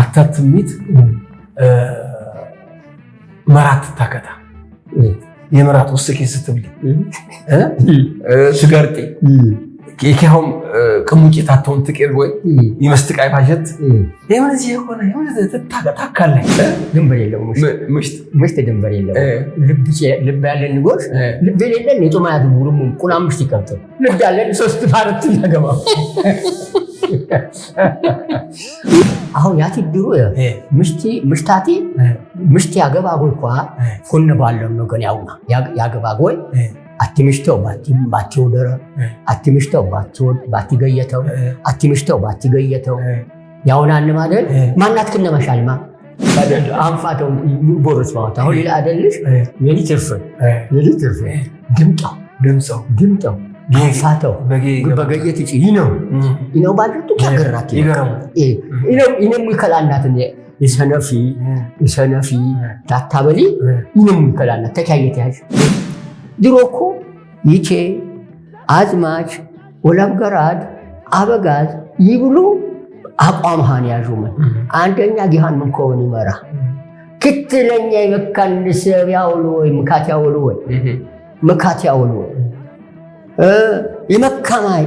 አታትሚት መራት ትታከታ የመራት ውስኪ ስትብል ትገርጤ የኪያውም ቅሙጭ ታተውን ትቅር ወይ ይመስጥቃይ ባሸት የምንዚ የሆነ ታካለ ድንበር የለው ምሽት ድንበር የለው ልብ ያለ ንጎሽ ልብ የሌለን የጦማያት ቡሩሙ ቁና ምሽት ይቀብጥ ልብ ያለን ሶስት ባረት እናገባ አሁን ያቲ ድሮ ምሽቲ ምሽታቲ ምሽቲ ያገባጎይ ኳ ሁን ባለው ነው ነገን ያውና ያገባጎይ አቲ ምሽተው ባቲ ወደረ አቲ ምሽተው ባቲ ገየተው አቲ ምሽተው ባቲ ገየተው ያውናን ማለት ማናት ክነመሻልማ አንፋተው ቦሮስ ማለት አሁን ሌላ አደልሽ የሊትርፍ የሊትርፍ ድምጠው ድምጠው ድምጠው አንፋተው በገየት ጭ ይነው ይነው ባጆቱ ያገራት ይነው ይከላናትን የሰነፊ የሰነፊ ዳታበሊ ይነው ይከላናት ተካየት ያዥ ድሮ እኮ ይቼ አዝማች ወለምገራድ አበጋዝ ይብሉ አቋምሃን ያዡመን አንደኛ ጊሃን ምን ከሆን ይመራ ክትለኛ የመካንሰብ ያውሉ ወይ ምካት ያውሉ ወይ ምካት ያውሉ ወይ የመካማይ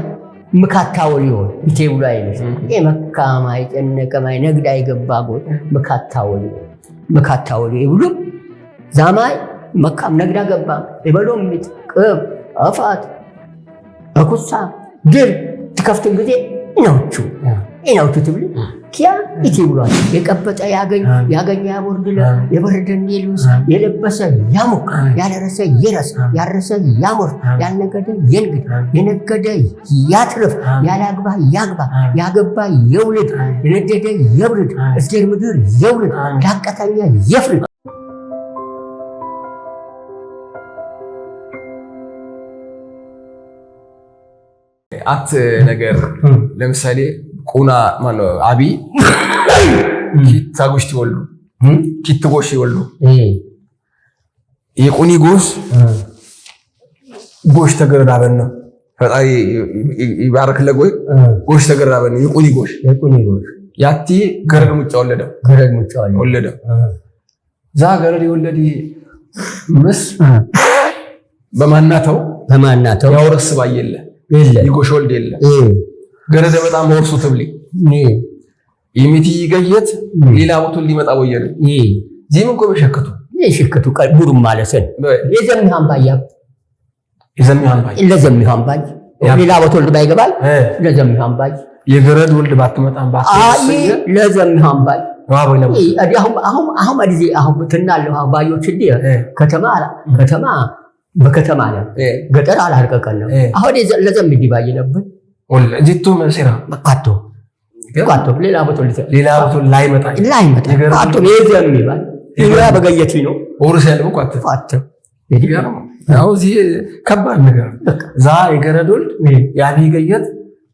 ምካታወር ይሆን ይቴብሎ አይነት የመካማይ ጨነቀማይ ነግዳ ይገባጎል ምካታወር ይሆን ምካታወር ይብሉም ዛማይ መካም ነግዳ የበሎም የበሎሚት ቅብ አፋት አኩሳ ድር ትከፍትን ጊዜ ነውቹ ኤናው ትትብል ኪያ ኢቲ ብሏል። የቀበጠ ያገኝ ያገኘ ያቦርድለ የበረደን የልብስ የለበሰ ያሞቅ ያለረሰ የረስ ያረሰ ያሞር ያልነገደ የንግድ የነገደ ያትርፍ ያላግባ ያግባ ያገባ የውልድ የነደደ የብርድ እስቴር ምድር የውልድ ዳቀተኛ የፍርድ አት ነገር ለምሳሌ ኩና ቁና አቢ ኪታጎሽ ትወልዱ ኪትጎሽ ይወልዱ የቁኒ ጎስ ጎሽ ተገረዳበን ነው ፈጣሪ ይባርክ ለጎይ ጎሽ ተገረዳበን ጎሽ የቁኒ ጎሽ ያቲ ገረድ ሙጫ ወለደ ገረድ ሙጫ ወለደ ዛ ገረድ የወለዲ ምስ በማናተው በማናተው ያወረስ ባየለ የለ ይጎሽ ወልድ የለ ገረዘ በጣም ወርሱ ትብሊ የሚቲ ይገየት ሌላ ቦቱ ሊመጣ ወየነ ዚም እኮ በሸከቱ የሸከቱ ቀቡር ማለሰን የዘም ሀምባያ የዘም ሀምባያ ለዘም ሀምባያ ሌላ ቦቱ ወልድ ባይገባል ለዘም ባይ የገረድ ወልድ ባትመጣም ባስ አይ ለዘም ሀምባያ አሁን ጊዜ አሁን ትናለሁ ባዮች እንዲ ከተማ ከተማ በከተማ ነው ገጠር አላርቀቀን ነው አሁን ለዘም እንዲባይ ነበር ጅቱም ሲራ ቃቶ ቃቶ ሌላ ቦታ ሌላ ቦታ ላይ መጣ ላይ መጣ ቃቶ የዚያም ይባል ይራ በገየት ነው ወርስ ያለው ቃቶ ቃቶ ይገርም ያው እዚህ ከባድ ነገር ዛ የገረዶል ያቢ ገየት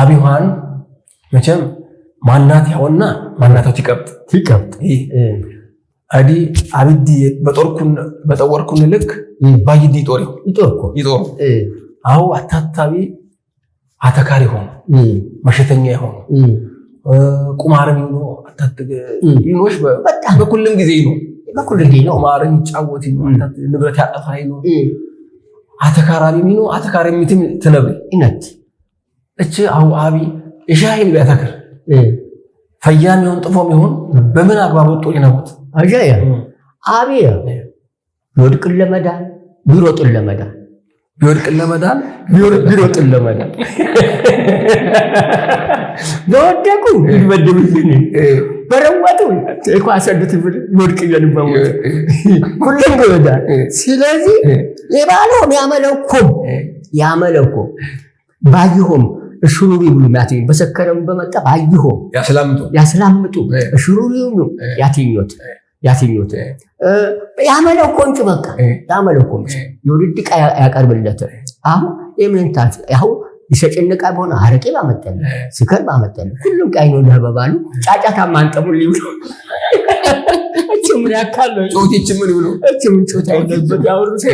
አብ ዮሐን መቼም ማናት ያውና ማናታው ትቀብጥ ትቀብጥ አዲ አብዲ በጦርኩን በጠወርኩን ልክ ባይዲ ጦሪው ይጦርኩ ይጦር አው አታታቢ አተካሪ ሆኖ መሸተኛ ሆኖ ቁማርም ይኖ አታትገ ይኖሽ በኩልም ጊዜ ይኖ በኩልም ጊዜ ነው ቁማርም ይጫወት ይኖ ንብረት ያጠፋ ይኖ አተካራሪ ሚኑ አተካሪ ሚትም ትነብ ኢነት እች አው አቢ እሻይል ቢያተክር ፈያም ይሁን ጥፎም ይሁን በምን አግባብ ወጡ ይነቁት አጃያ አቢያ ይወድቅን ለመዳን ቢሮጥን ለመዳን ቢወድቅን ለመዳን ቢሮጥን ለመዳን በወደቁ እንዲመድብብን በረዋጡ እኮ አሰዱት ብል ቢወድቅ እያንባሙ ሁሉም ይወዳል። ስለዚህ የባለውም ያመለኩም ያመለኩ ባይሆም እሽሩሩ ብሉ ያትኝ በሰከረም በመጣ ባይሆም ያስላምጡ ያስላምጡ እሽሩሩ ይብሉ ያትኞት ያስኙት ያመለው ኮንጭ በቃ ያመለው ኮንጭ የውድድ ዕቃ ያቀርብለት። አሁን የምንታት ያው ይሰጭን ዕቃ በሆነ አረቄ ባመጠል ስከር ባመጠል ሁሉም ነው ደበባሉ ጫጫታ ማንጠሙ ሊብሎ ምን ያካል ጮቴች ምን ብሎ ምን ጮታ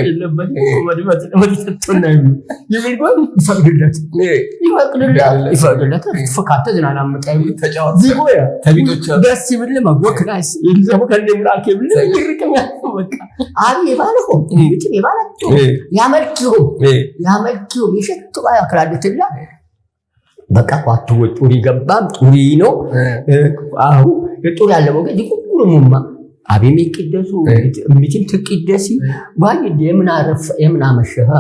የለበት ይፈቅድለት ይፈቅድለት ዝናና መጣ ደስ ይብል ብል ይርቅም የባለቶ የሸቱ በቃ ኳቱ ጡሪ ገባም ጡሪ ነው አሁ ጡሪ ወገ ዲቁቁሩሙማ አብም ይቅደሱ ምትም ትቅደሲ ባይድ የምናረፍ የምናመሸሃ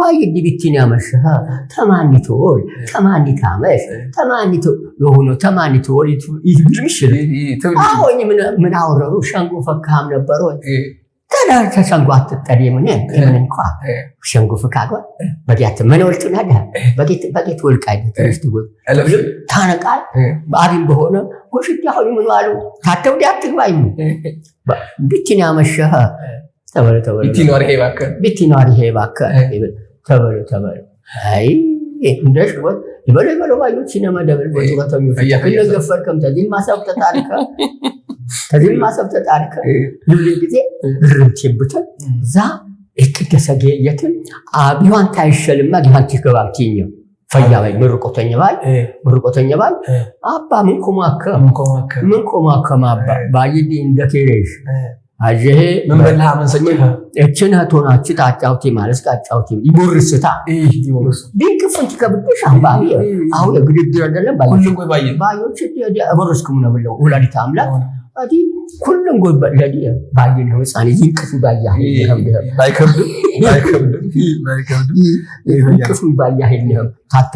ባይድ ቢትን ቢቲን ያመሸሃ ተማኒቶል ተማኒታመሽ ተማኒቶ ለሆኖ ተማኒቶል ይብልምሽል አሁን ምን አወረሩ ሸንጎ ፈካም ነበረ ተዳርተ ሸንጎ አትጠሪ ምን ምን እንኳ ሸንጎ ፈካጓ በዲያት ምን ወልቱና ዳ በጌት በጌት ወልቃይ ትስት ታነቃል አብም በሆነ ጎሽቻ ሆይ ምን አሉ ታተብዲ አትግባኝ ብቲን ያመሸኸ ተበሉ ተበሉ ቢቲኖር ይሄ እባክህ ቢቲኖር ይሄ እባክህ ተበሉ ተበሉ አይ እንደሽ ወጥ ይበሉ ይበሉ ባዩ ሲነማ ደብል ወጥ ወጣው ይፈያ ከለገፈርከም ተዚህም ማሰብ ተጣርከ ተዚህም ማሰብ ተጣርከ ልብሌ ጊዜ ርምቼብትን ዛ የቅደሰ ጌየትን አቢዋን ታይሸልማ ጊሃንቲ ገባብቲኛው ፈያ ምርቆተኝ ባይ ምርቆተኝ ባይ አባ ምን ኮማከ ምን ኮማከ ማባ ባይዲ እንደከሬሽ አጀሄ ምን በላ መንሰኝ እችን ቶናች ታጫውቲ ማለስ ታጫውቲ ይቦርስታ ድንቅ ፍንት ከብትሽ አንባቢ አሁን ግድግር አይደለም ባይ ባይ ያ ይቦርስኩም ነው ብለው ወላዲታ አምላክ አዲ ሁሉም ጎበል ባየ ባይል ነው ጻኔ ይንቅፉ ባያ ይሄም ባይከብድም ባይከብድም ባይከብድም ይንቅፉ ባያ ይሄም ታተ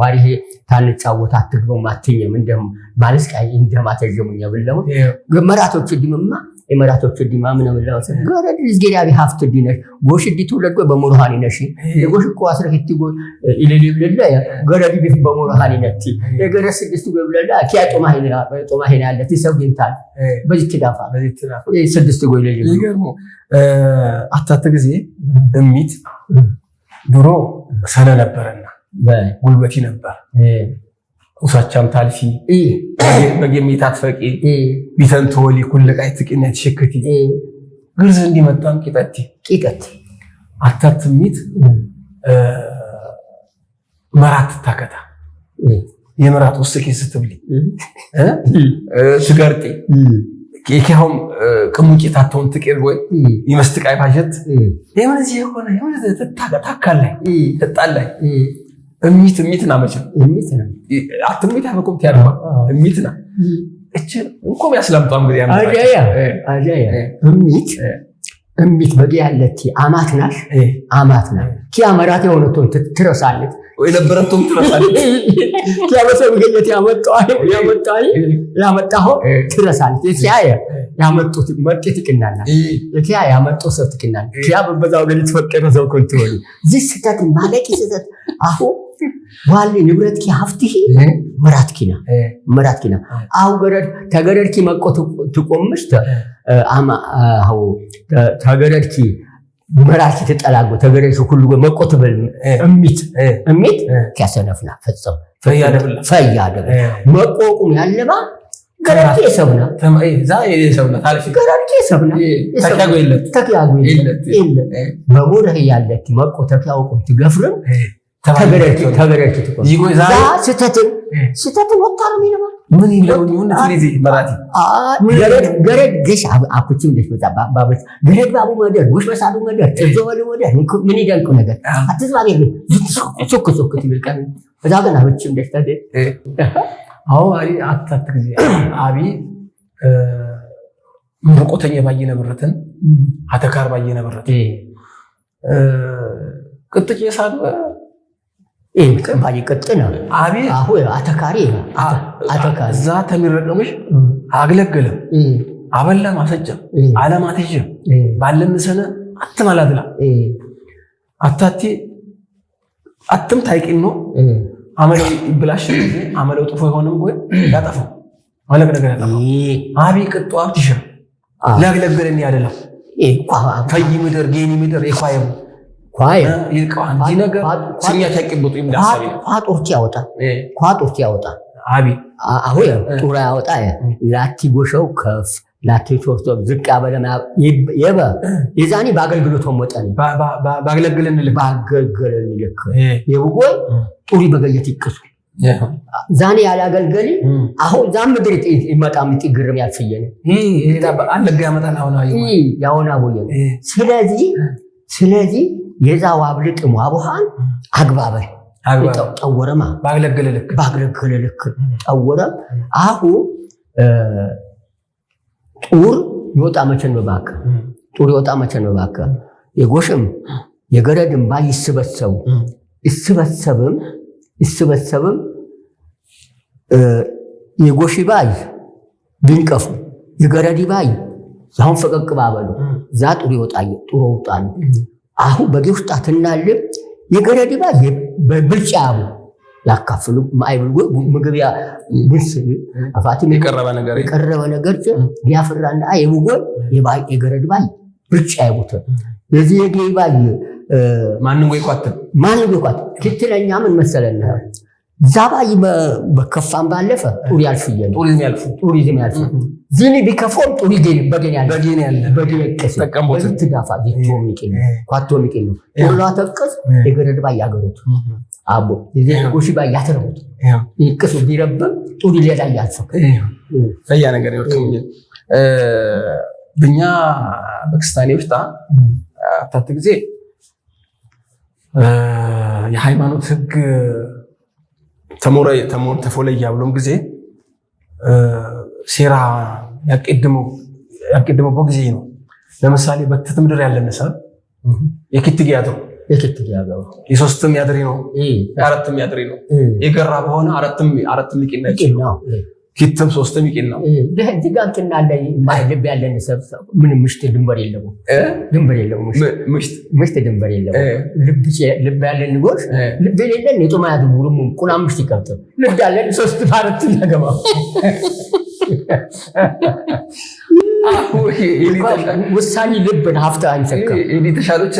ዋሪሄ ታንጫወት አትግበው ማትኝም እንደም ማለስቃይ እንደማተጀሙኛ ብለው ገመራቶች ድምማ የመራቶቹ ዲማ ምነው ላወሰ ገረድ ዝጌዳ ሀፍት ዲነሽ ጎሽ ዲ ትውለድ ጎ በሙርሃኒ ነሽ የጎሽ እኮ አስረ ክቲ ጎ ኢሌሊ ብለላ ገረድ ቢፍ በሙርሃኒ ነቲ የገረድ ስድስት ጎ ብለላ ኪያ ጦማ ሄና ጦማ ሄና ያለት ይሰው ግንታል በዚህ ትዳፋ በዚህ ትዳፋ ስድስት ጎ ኢሌሊ ይገርሙ አታተ ጊዜ እሚት ድሮ ሰለ ነበረና ጉልበቲ ነበር ውሳቻም ታልፊ በጌሜታ ትፈቂ ቢተንት ወሊ ኩለቃይ ትቅና ትሸከቲ ግርዝ እንዲመጣም ቂጠቲ ቂጠት አታትሚት መራት ትታከታ የመራት ውስኪ ስትብሊ ትገርጢ ኪሁም ቅሙጭት አተውን ትቅል ወይ ይመስትቃይ ባሸት የምንዚ የሆነ ታካላይ ተጣላይ እሚት እሚት ናመጭ አትሚት በኮምቲ ያድማ እሚት ና እችን እንኮም ያስላምጧ እንግዲህ እሚት እሚት በግ ያለት አማት ናሽ አማት ና ኪ አመራት የሆነቶን ትረሳለች የነበረቶም ትረሳለት ኪ አመሰብ ገኘት ያመጣዋል ትረሳለት ትረሳለች የኪያ ያመጡት መጤ ትቅናና የኪያ ያመጡ ሰብ ትቅናና ኪያ በበዛው ገ ተፈቀረ ሰው ኮንትሆኑ ዚህ ስህተት ማለቂ ስህተት አሁን ባል ንብረትኪ ሃፍትኪ መራትኪና መራትኪና አው ገረድ ተገረድኪ መቆ ትቆምሽ ው ተገረድኪ መራኪ ትጠላጎ ተገረድኪ ኩሉ መቆ ትበል እሚት እሚት ኪያሰነፍና ፈጸም ፈያደብ መቆቁም ያለባ ገረድኪ የሰብና ገረድኪ የሰብና ተኪያጎ የለት በሞረህ ያለኪ መቆ ተኪያውቁም ትገፍርም ስህተትን ስህተትን ወታረም ይለዋል። ምን ገረድ ገረድ ገሽ አኩችም ደሽ በዛ ባበች ገረድ ባቡ መደር ጎሽ በሳዱ መደር ተዘወሉ መደር ምን ይደንቁ ነገር አትዝባ ቤት ሶክ ሶክ ትብል ቀን በዛ ገና አበችም ደሽ ታደ አዎ አሪ አታት ጊዜ አቢ ምርቆተኛ ባየነ ብረትን አተካር ባየነ ብረት ቅጥጭ የሳዱ ባጅ ቅጥነ አተካሪ እዛ ተሚረቀምሽ አግለግልም አበላ ማሰጀም አለማትዥም ባለምሰነ አትማላትላ አታቲ አትም ታይቂን ነው አመለው ይብላሽ አመለው ጥፎ የሆንም ወይ ያጠፈው ማለቅ ነገር ያጠፈው አቢ ቅጡ አብትሽ ሊያግለግልን ያደለም ፈይ ምድር ጌኒ ምድር የኳየሙ ቋጦርቼ ያወጣ ቋጦርቼ ያወጣ አሁ ጡራ ያወጣ ላቲ ጎሸው ከፍ ላቲ ሶስቶ ዝቅ አበለና የበ የዛኔ በአገልግሎት ወመጠን ባገለግልን ባገልገልን ልክ የብጎይ ጡሪ በገየት ይቅሱ ዛኔ ያላገልገሊ አሁን ዛ ምድር ይመጣም ግርም ያልፍየን አለጋ ያመጣል ሁን ያሆና ቦየ ስለዚህ ስለዚህ የዛው አብልጥም አቡሃን አግባበል ጠወረማ ባግለግልልክ ባግለግልልክ ጠወረ አሁ ጡር ይወጣ መቸን በባከ ጡር ይወጣ መቸን በባከ የጎሽም የገረድም ባይ ይስበሰቡ ይስበሰብም ይስበሰብም የጎሺ ባይ ቢንቀፉ የገረድ ባይ ዛሁን ፈቀቅ ባበሉ ዛ ጡር ይወጣ ጡሮ ውጣሉ አሁ በጌውስጣ ትናለ የገረድባ በብልጫ ያካፍሉ ማይብል ምግብ የቀረበ ነገር ያፍራና የቡጎል የገረድባ ብልጫ አይቡት የዚህ የጌባ ማንም ወይ ኳት ማንም ወይ ኳት ትክክለኛ ምን ዛባይ በከፋም ባለፈ ጡሪ ያልፍየ ቱሪዝም ያልፍ ዚኒ ቢከፎም ጡሪ ገን በገን ያለ በገን ያለ በገን ያቀስ አተቀስ የገረድ ባ ያገሩት አቦ ጎሺ ባ ያተረሁት ይቅሱ ቢረብ ጡሪ ሌላ ያልፈ ፈያ ነገር ብኛ በክስታኔ ውስጣ አታት ጊዜ የሃይማኖት ህግ ተፎለያ ብሎም ጊዜ ሴራ ያቀድመበው ጊዜ ነው። ለምሳሌ በትት ምድር ያለንሰ የክትግ ያድሩ የሶስትም ያድሪ ነው የአረትም ያድሪ ነው የገራ በሆነ አረትም ሊቅነ ኪትም ሶስትም ይቂል ነው ዚጋንትና ልብ ያለን ሰብ ምን ምሽት ድንበር የለም ድንበር የለም ምሽት ድንበር የለም ልብ ያለን ጎሽ ልብ የሌለን የጦማያት ሙሉም ቁና ምሽት ይከብትም ልብ ያለን ሶስት ማለት ያገባ ውሳኔ ልብን ሀፍታ አንሰካ የተሻለች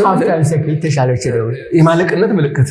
የተሻለች የማለቅነት ምልክት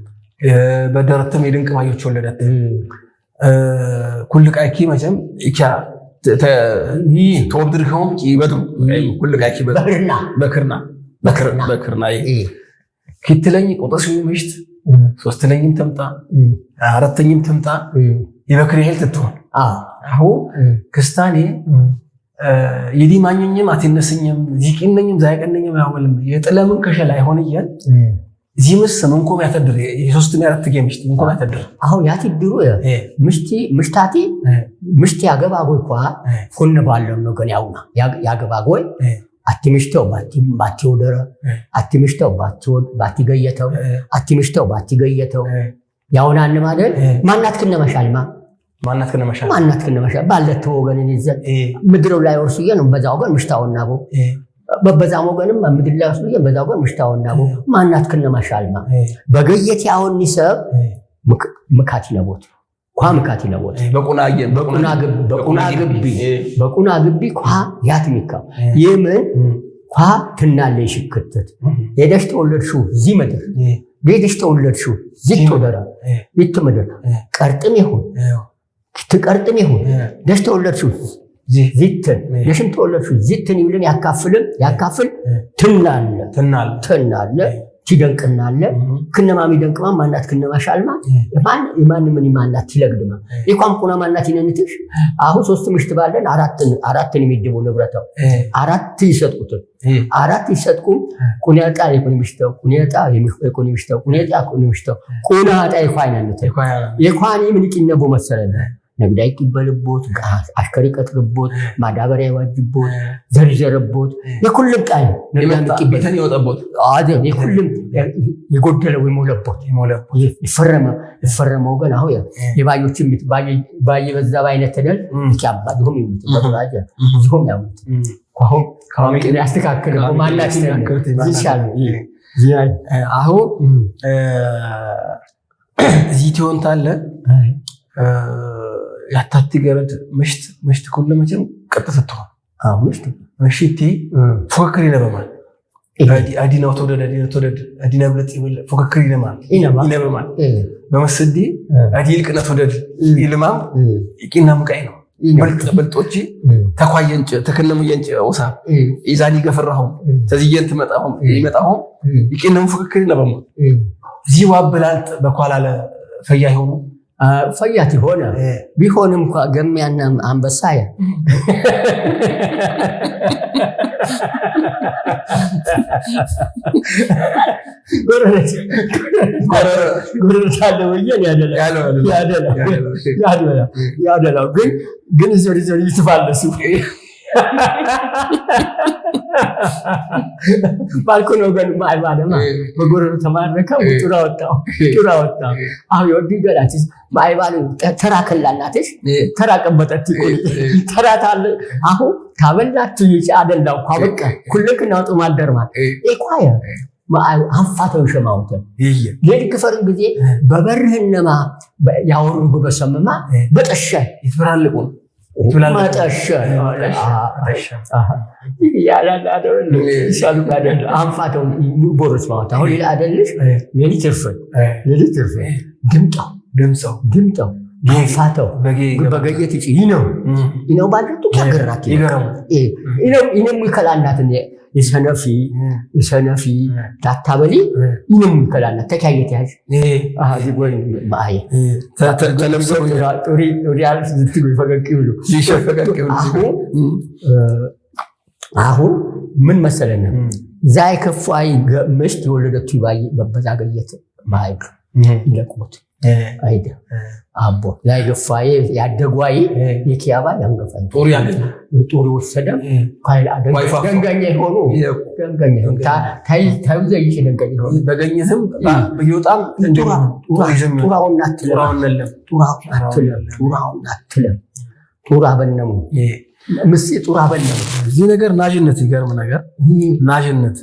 በደረተም የድንቅማዮች ወለዳት ኩል ቃኪ መቸም እቻ ተወድርኸውም ይበድሩ በክርና በክርና ክትለኝ ቆጠስ ምሽት ሶስትለኝም ተምጣ አራተኝም ተምጣ የበክር ያህል ትትሆን አሁ ክስታኔ የዲ ማኘኝም አትነስኝም ዚቂነኝም ዛይቀነኝም ያውልም የጥለምን ከሸላ አይሆን እያል እዚህ ምስ መንኮብ ያተድር የሶስት አራት ምሽት መንኮብ ያተድር አሁ ያትድሩ ምሽቲ ምሽታቲ ምሽቲ ያገባጎይ ኳ ፎን ባለው ነገን ያውና ያገባጎይ አቲ ምሽተው ባቲ ወደረ አቲ ምሽተው ባቲ ገየተው አቲ ምሽተው ባቲ ገየተው ያውናን ማለት ማናት ክነ ማ ማናት ክነ ክነመሻል ማናት ክነ ክነመሻል ባለተው ወገን ይዘ ምድረው ላይ ወርሱ ነው በዛ ወገን ምሽታውና ጎ በዛም ወገንም ምድር ምድላ ስ በዛ ወገን ምሽታውና ማናት ክነማሻልማ በገየት ያሁን ኒሰብ ምካት ይነቦት ኳ ምካት ይነቦት በቁና ግቢ ኳ ያት ሚካው ይህምን ኳ ትናለ ሽክትት ሄደሽ ተወለድሽው ዚህ ምድር ቤትሽ ተወለድሽው ዚህ ተወደራ ይት ምድር ቀርጥም ይሁን ትቀርጥም ይሁን ደሽ ተወለድሽው ዝትን የሽንት ለብሱ ዝትን ይብልን ያካፍልን ያካፍል ትናለ ትናለ ትናለ ትደንቅናለ ክነማ ሚደንቅማ ማናት ክነማ ሻልማ ማን ማንምን ማናት ትለግድማ የቋንቁና ማናት ይነንትሽ አሁን ሶስት ምሽት ባለን አራትን አራትን የሚድቡ ንብረተው አራት ይሰጥቁትን አራት ይሰጥቁም ቁኔጣ የኮኒሚሽተው ቁኔጣ የኮኒሚሽተው ቁኔጣ የኮኒሚሽተው ቁናጣ የኳይናነት የኳኒ ምንቂነቦ መሰለነ ነግዳ ይቅበልቦት፣ አሽከሪ ቀጥርቦት፣ ማዳበሪያ ይዋጅቦት፣ ዘርዘርቦት፣ የኩልም ቃል የኩልም የጎደለው የሞለቦት ይፈረመው ገን አሁ የባዮች ባየ በዛ በአይነት ተደል ይሁም ይሁም ያሙት ያስተካክል ማላች ይሻሉ አሁ እዚህ ትሆንታለ ያታቲ ገረድ ምሽት ምሽት ኩሉ መቼም ቀጥ ስትሆን ምሽቲ ፉክክር ይነበማል። አዲና ተወደድ አዲና ተወደድ አዲና ብለጥ ይብል ፉክክር ይነበማል። በመስዲ አዲ ይልቅነ ተወደድ ይልማም ይቂና ሙቃይ ነው በልጦች ተኳየንጭ ተከነሙ የንጭ ወሳ ኢዛኒ ገፈራሁ ተዚየን ትመጣሁም ይመጣሁም ይቂነም ፉክክር ይነበማል። ዚዋ በላልጥ በኳላለ ፈያ ይሆኑ ፈያት የሆነ ቢሆን እንኳ ገሚያና አንበሳ ያ ጎረረት አለ ወየን ያደላ ያደላ ግን እዚህ ወደዚህ ወደዚህ ትፋለሱ ባልኮን ወገን ማይባለማ በጎረሩ ተማረከ ጩራ ወጣው ጩራ ወጣው አሁ የወዱ ገላትሽ ማይባሉ ተራ ከላላትሽ ተራ ቀበጠት ተራ ታለ አሁ ታበላችሁ ይጭ አደላው ኳበቀ ኩልክ ናውጡ ማደርማል ኤኳየ አፋተው ሸማውተ ሌድ ክፈርን ጊዜ በበርህነማ ያወሩን ጉበሰምማ በጠሻ ይትበራልቁ አንፋተው ቦሮች ማለት አሁን ሌላ አይደለሽ። ሌሊት እርፈን ሌሊት እርፈን ድምጠው ድምጠው ድምጠው አንፋተው በገየት ይች ይነው ይነው ባድርቱ ያገራት ይነው ይነው ይከላናትን የሰነፊ የሰነፊ ዳታበሊ ምንም ይንም ይከላለ ተካየት ያዥ አሁን ምን መሰለና ዛይ ከፋይ ምሽት የወለደቱ በበዛ በበዛገየት ማይሉ ይለቁት አይደል? አቦ ያይገፋ ያደጓይ የኪያባ ያንገፋ ጦር ያገኘ ጦር ወሰደ ደንገኛ ሆኖ ደንገኛ ታይዘይሽ ደንገኛ ሆኖ በገኝትም ይወጣም ጡራውን አትለም ጡራውን አትለም ጡራ በነሙ ምስ ጡር አበል ነው እዚህ ነገር ናዥነት ይገርም ነገር ናዥነት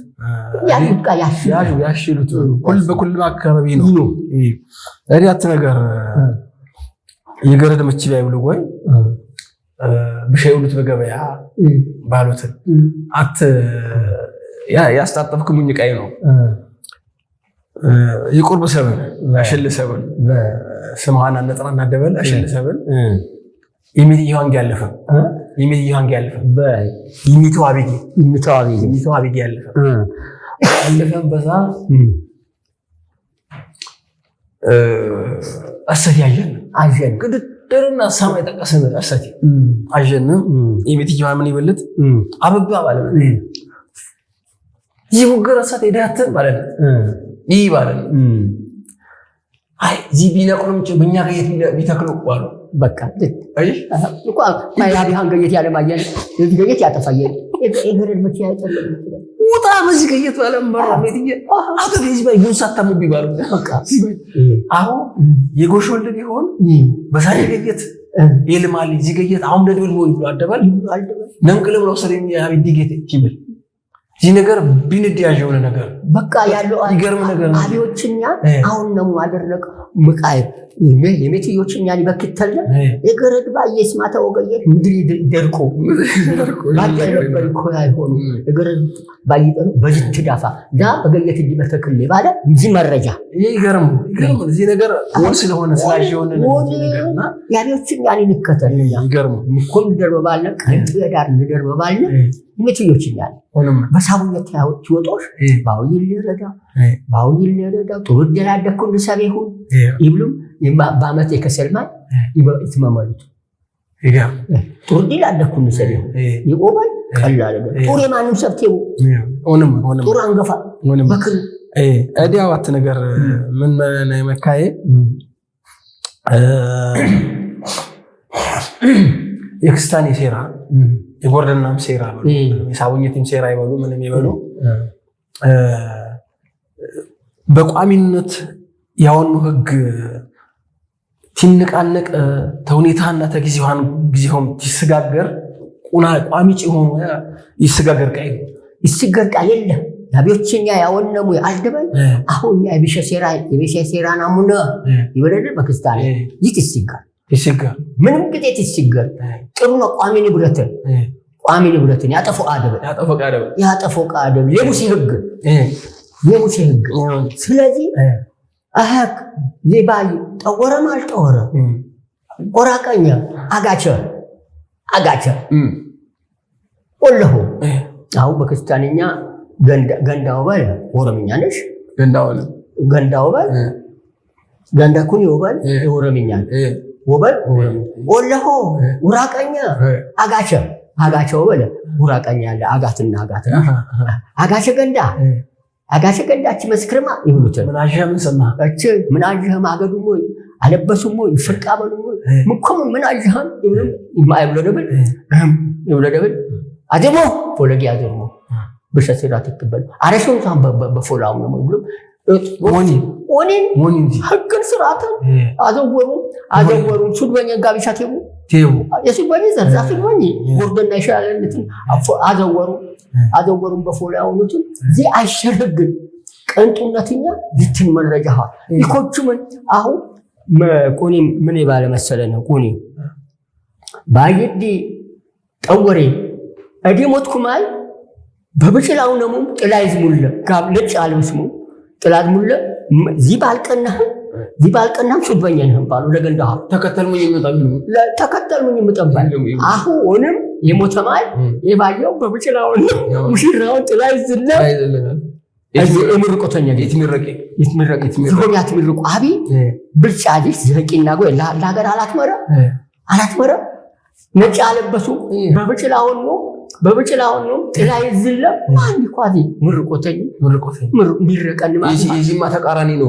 ያሽሉት ሁል በኩል አካባቢ ነው ሪያት ነገር የገረድ መችቢያ ይብሉ ወይ ብሸይሉት በገበያ ባሉትን አት ያስታጠፍክ ሙኝ ቃይ ነው የቁርብ ሰብን አሽል ሰብን ስምሃና ነጥራ እናደበል አሽል ሰብን የሚል ይዋንግ ያለፈ ይህን ያለፈ የሚተው አቤጌ የሚተው አቤጌ ያለፈ ያለፈን በዛ አሰት ያየን አየን ግድድርና ሳማ የጠቀስን እሰት አየን የቤትየዋ ምን ይበልጥ አበባ ባለነ ይህ ሙገር እሰት የዳትን ባለነ ይህ ባለ አይ እዚህ ቢነቁንም በእኛ ቤት ቢተክሉ ባሉ በቃ ገየት ያለማየን እዚህ ያጠፋየን ውጣ በዚህ ገየት ባለመራ አቶ ሳታሙ ቢባሉ አሁን ቢሆን የልማል አሁን ደድብል አደባል ነንቅልም ጌት ይብል ነገር ቢንድ ያዥ የሆነ ነገር በቃ ያለው አብዮችኛ አሁን ነው አደረግ ምቃይ የሜትዮችኛ ሊበክተል የገረድ ባየ ስማተ ወገየ ምድር ደርቆ ባየነበር ዳፋ ዳ በገየት እንዲመተክል ባለ እዚህ መረጃ ይገርሙ እዚህ ነገር ስለሆነ ቀንጥ ዳር ሜትዮችኛ በሳቡነት አባውን ሊረዳ ባውን ሊረዳ ጥሩ ደላደኩ ንሰቤሁ ይብሉ በአመት የከሰልማ ይትመመሉት ጥሩ ደላደኩ ንሰቤሁ ይቆባል ቀላል ጥሩ የማንም ሰብቴቡ ጥሩ አንገፋ በክሉ እዲያዋት ነገር ምን ናይ መካዬ የክስታኔ ሴራ የጎርደናም ሴራ የሳቡኘትም ሴራ ይበሉ ምንም ይበሉ በቋሚነት ያወኑ ሕግ ሲነቃነቅ ተውኔታና ተጊዜዋን ግዚሆም ሲስጋገር ቁና ቋሚ ጭሆኑ ይስጋገር ቃይ ይስጋገር ቃይ የለ ዳቢዎችኛ ያወነሙ አልደበል አሁን ያ የቤሸሴራ ናሙነ ይበለለ በክስታለ ይት ይስጋር ይስጋር ምንም ጊዜ ይስጋር ጥሩ ነው ቋሚ ንብረትን ቋሚ ሁለትን ያጠፎ አደብ ያጠፎ ቃደብ የሙሴ ህግ የሙሴ ህግ። ስለዚህ አህክ ዜባይ ጠወረም አልጠወረ ቆራቀኛ አጋቸ አጋቸ ቆለሆ አሁን በክርስቲያንኛ ገንዳ ወበል ወረምኛ ነሽ ገንዳ ወበል ገንዳ ኩን ወበል ኦሮምኛ ወበል ኦሮምኛ ውራቀኛ አጋቸ አጋቸው በለ ጉራቀኛ ያለ አጋትና አጋት አጋሸ ገንዳ አጋሸ ገንዳች መስክርማ ይብሉትን ምናዥህም አገዱሞ አለበሱሞ ፍርቃ በሉሞ ምኮም ምናዥህም ይብሎ ደብል ይብሎ ደብል አዘሞ ፎለጊ አዘሞ ብሸሴራ ትክበል አረሽን ሳን በፎላም ነው ብሎ ኦኔን ህግን ስርዓትን አዘወሩ አዘወሩ ሱድ በኛ ጋቢሻት ይቡ የሲጓኝ ዘር ዛፍ ሲጓኝ ጉርብና ይሻለንትን አዘወሩ አዘወሩን ዚ አይሸረግን ቀንጡነትኛ ልትን መረጃ አሁን ምን ነው ባይዲ ጠወሬ እዲ በብጭላው ነሙም ጋብ አልብስሙ ዚ ባልቀናህም ዲባልቅናም ሱበኛን ህንባሉ ለገንዳ ተከተሉኝ የሚጠብ ተከተልሙኝ የሚጠባል አሁንም የሞተማል የባየው በብጭላውን ሙሽራውን ጥላ ይዝለ የምርቆተኛ ዝሆን ትምርቁ አቢ ብልጫ ልጅ ዝህቂና ጎ ለሀገር አላትመረ አላትመረ ነጭ አለበሱ በብጭላውን ነው በብጭላ ነው ጥላ ይዝለ አንድ ኳዚ ምርቆተኝ ምርቆተኝ ምርቀን ማለት የዚህማ ተቃራኒ ነው።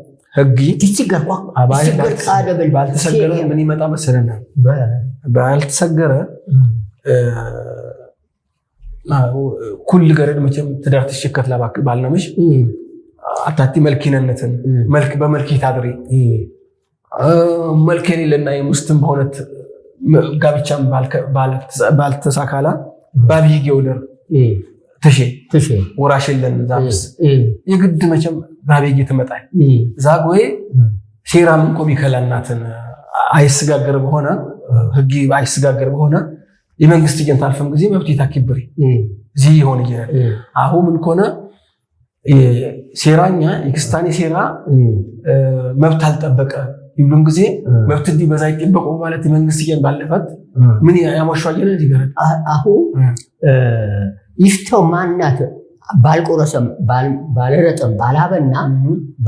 ህግ እዚህ ጋር ባልተሰገረ ምን ይመጣ መሰለህ? ባልተሰገረ ኩል ገረድ መቼም ትዳር ትሽከት ላባክ ባልነምሽ አታቲ መልኪነነትን መልክ በመልክ ታድሪ መልክ የሌለና የሙስትን በሆነት ጋብቻም ባልተሳካላ ባብይ ጌውደር ትሼ ወራሽ የለን ዛስ የግድ መቼም ባቤጌ ትመጣል ዛጎዬ ሴራ ምንቆ ቢከላናትን አይስጋገር በሆነ ህጊ አይስጋገር በሆነ የመንግስት ጀንት አልፈም ጊዜ መብት ታኪብሪ እዚህ ይሆን ይላል አሁ ምን ኮነ ሴራኛ የክስታኔ ሴራ መብት አልጠበቀ ይብሉም ጊዜ መብት እንዲህ በዛ ይጠበቁ ማለት የመንግስት ጀን ባለፈት ምን ያሞሸዋየን ይገረ አሁ ይፍተው ማናት ባልቆረሰም ባልረጠም ባላበና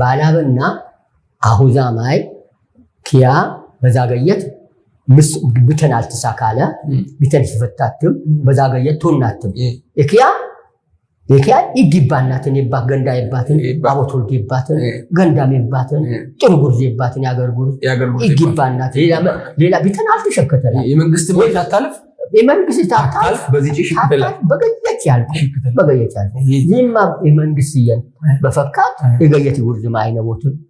ባላበና አሁዛማይ ኪያ በዛገየት ብተን አልተሳካለ ቢተን ሲፈታትም በዛገየት ቶናትም የኪያ የኪያ ይግ የባ ገንዳ የባትን አቦቶልድ የባትን ገንዳም የባትን ጥሩ ጉርዝ የባትን ያገር ጉርዝ ይግ ሌላ ቢተን አልተሸከተላ የመንግስት ታታልፍ የመንግስት አካል በገየት ያል በገየት ያል ይህማ የመንግስት እየን በፈካት የገየት ውርድማ አይነቦትን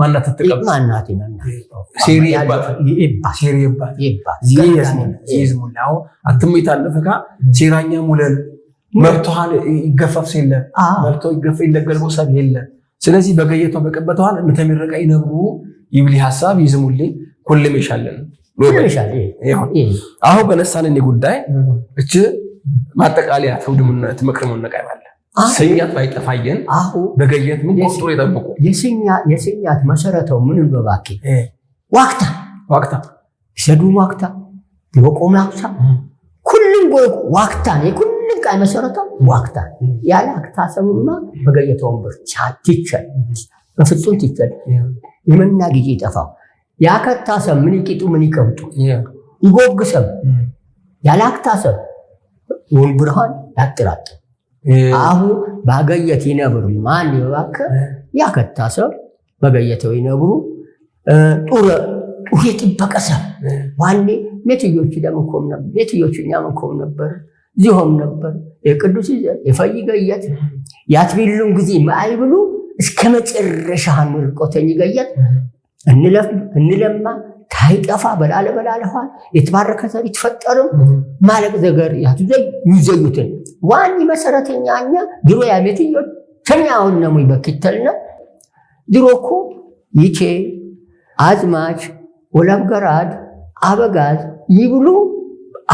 ማናት አትቀምሴባሴባሴባሁ አትሜታለፈካ ሴራኛ ሙለል መብቶሃል ይገፋፍ የለ መብቶ ይገፋ ይለገልቦ ሰብ የለ ስለዚህ በገየቶ በቀበተዋል እንተሚረቀ ይነብሩ ይብሊ ሀሳብ ይዝሙልኝ ኩልም ይሻለን አሁን በነሳንኔ ጉዳይ እች ማጠቃለያ ተውድሙነት መክርሙነቃ ይባል ሰኛት ባይጠፋየን በገየት ምን ቆጥሮ የጠብቁ የሰኛት መሰረተው ምን በባኪ ዋክታ ዋክታ ሰዱም ዋክታ ወቆም ዋክታ ሁሉም ጎይ ዋክታ ነው ሁሉም ቃይ መሰረተው ዋክታ ያለ አክታ ሰሙማ በገኘት ወንበር ቻትቸል በፍጹም ትቸል የመና ጊዜ ይጠፋው ያከታ ሰብ ምን ይቂጡ ምን ይቀብጡ ይጎግሰም ያለ አክታ ሰብ ወንብርሃን ያጥራጥ አሁ ባገየት ይነብሩ ማን ይባከ ያከታ ሰብ በገየተው ይነብሩ ጡረ ጡር የጥበቀ ሰብ ዋኔ ሜትዮቹ ለምንኮም ነበር ሜትዮቹ እኛ ምንኮም ነበር ዚሆም ነበር የቅዱስ ይዘ የፈይገየት ያትቢሉን ጊዜ ማይብሉ እስከ መጨረሻ አንርቆተኝ ገየት እንለማ ታይጠፋ በላለ በላለኋል የተባረከ ዘር ይትፈጠርም ማለቅ ዘገር ያቱ ዘይ ይዘዩትን ዋኒ መሰረተኛ መሰረተኛኛ ድሮ ያሜትዮ ተኛ አሁን ነሙ ይበክተልና ድሮ እኮ ይቼ አዝማች ወለብገራድ አበጋዝ ይብሉ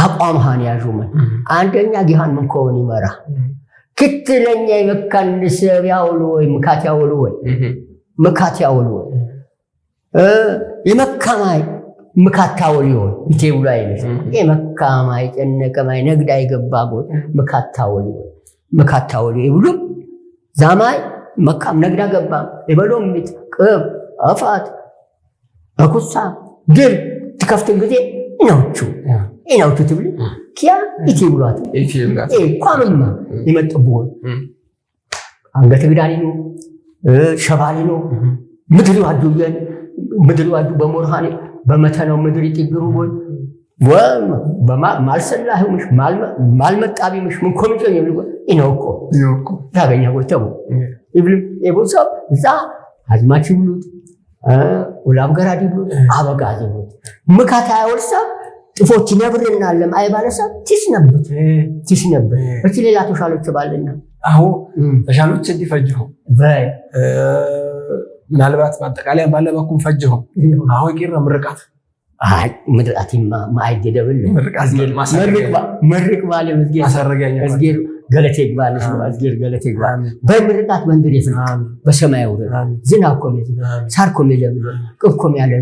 አቋምሃን ያዥመን አንደኛ ጊሃን ምን ከሆን ይመራ ክትለኛ ይመካን ያውሉ ወይ ምካት ያውሉ ወይ ምካት ያውሉ ወይ የመካማይ ምካታወል ይሆን ይቴብሎ አይነት የመካማይ ጨነቀማይ ነግዳ ይገባጎል ምካታወል ይሆን ምካታወል ይብሉ ዛማይ መካም ነግዳ አገባ የበሎም ሚጥ ቅብ አፋት አኩሳ ድር ትከፍትን ጊዜ ኢናውቹ ኢናውቹ ትብል ኪያ ይቴብሏት ኳምማ ይመጥብሆን አንገት ግዳኒ ነው ሸባሊ ነው ምድሪ አዱገን ምድር ዋጁ በሞርሃኒ በመተነው ምድር ይጥግሩ ወይ ማልሰላህ ምሽ ማልመጣቢ ምሽ ምን ኮሚቴ የሚል ኢነውቆ ኢነውቆ ያገኛ ጎተቡ ኢብል ኤቦሳብ እዛ አዝማች ብሉት ኡላብ ገራዲ ብሉት አበጋዚ ብሉት ምካታ ያወርሳ ጥፎት ይነብርና አለም አይባለሳ ነበር ትስነብት ነበር እቺ ሌላ ተሻሎች ባልና አሁ ተሻሎች እንዲፈጅሁ በይ ምናልባት በአጠቃላይ ባለበኩም ፈጅሁ አሁን ቂር ነው ምርቃት ምርቃት ማአይደደብል ምርቃት ማሰረጋኛ ገለቴ ይግባልሽ አዝጌር ገለቴ ይግባል በምርቃት መንገድ የፍልቅ በሰማይ ውር ዝናብ ኮሜት ሳር ኮሜ ለምሎ ቅብ ኮሜ ያለ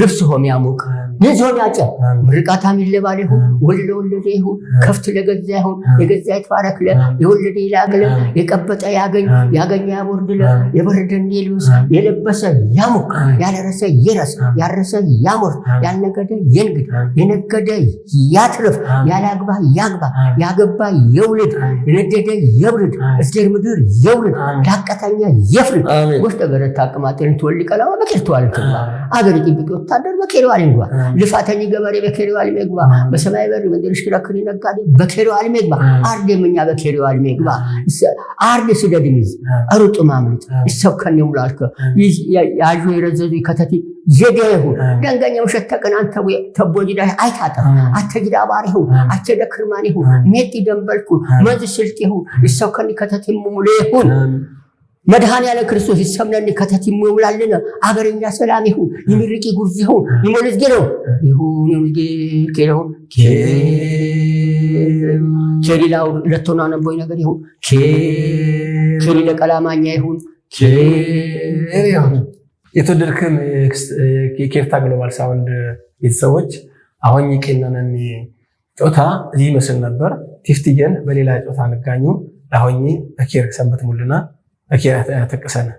ልብስ ሆም ያሞቅ ንዝ ሆም ያጨር ምርቃታ ሚለባል ይሁን ወልድ ወለደ ይሁን ከፍት ለገዛ ይሁን የገዛ የተባረክ የወለደ ይላግለ የቀበጠ ያገኝ ያገኘ ያቦርድለ የበረደን የልብስ የለበሰ ያሞቅ ያለረሰ የረስ ያረሰ ያሞርት ያልነገደ የንግድ የነገደ ያትርፍ ያላግባ ያግባ ያገባ የውልድ የነደደ የብርድ እስደር ምድር የብርድ ዳቀተኛ የፍርድ ውስጥ በረታ አቅማጤን ትወል ቀላማ በኬርተዋል ትግባ አገር ጥብቅ ወታደር በኬሪዋል ይግባ ልፋተኝ ገበሬ በኬሪዋል ይግባ በሰማይ በር መንደርሽ ክራክሪ ነጋዴ በኬሪዋል ይግባ አርድ የምኛ በኬሪዋል ይግባ አርድ ስደድሚዝ ሩጥ ማምልጥ ይሰብከን ውላልከ ያዥ የረዘዙ ከተቲ ዜጋ ይሁን ደንገኛ ውሸት ተቀናን ተቦጅዳ አይታጠም አተጅዳ ባሪሁ ይሁን አቸደ ክርማን ይሁን ሜጢ ደንበልኩ መዝ ስልጥ ይሁን ይሰው ከኒ ከተትሙ ሙሉ ይሁን መድሃን ያለ ክርስቶስ ይሰምነኒ ከተትሙ ይውላልን አገረኛ ሰላም ይሁን ይምርቂ ጉርዝ ይሁን ይሞልዝ ጌለው ይሁን ይሁን ጌለው ኬሪላው ለቶና ነቦይ ነገር ይሁን ኬሪ ቀላማኛ ይሁን ኬሪ የተወደድክም የኬርታ ግሎባል ሳውንድ ቤተሰቦች አሁን የቄነነን ጮታ እዚህ ይመስል ነበር። ቲፍትየን በሌላ ጮታ እንጋኙ ለአሁኝ አኬር ሰንበት ሙልና አኬር ተቀሰነ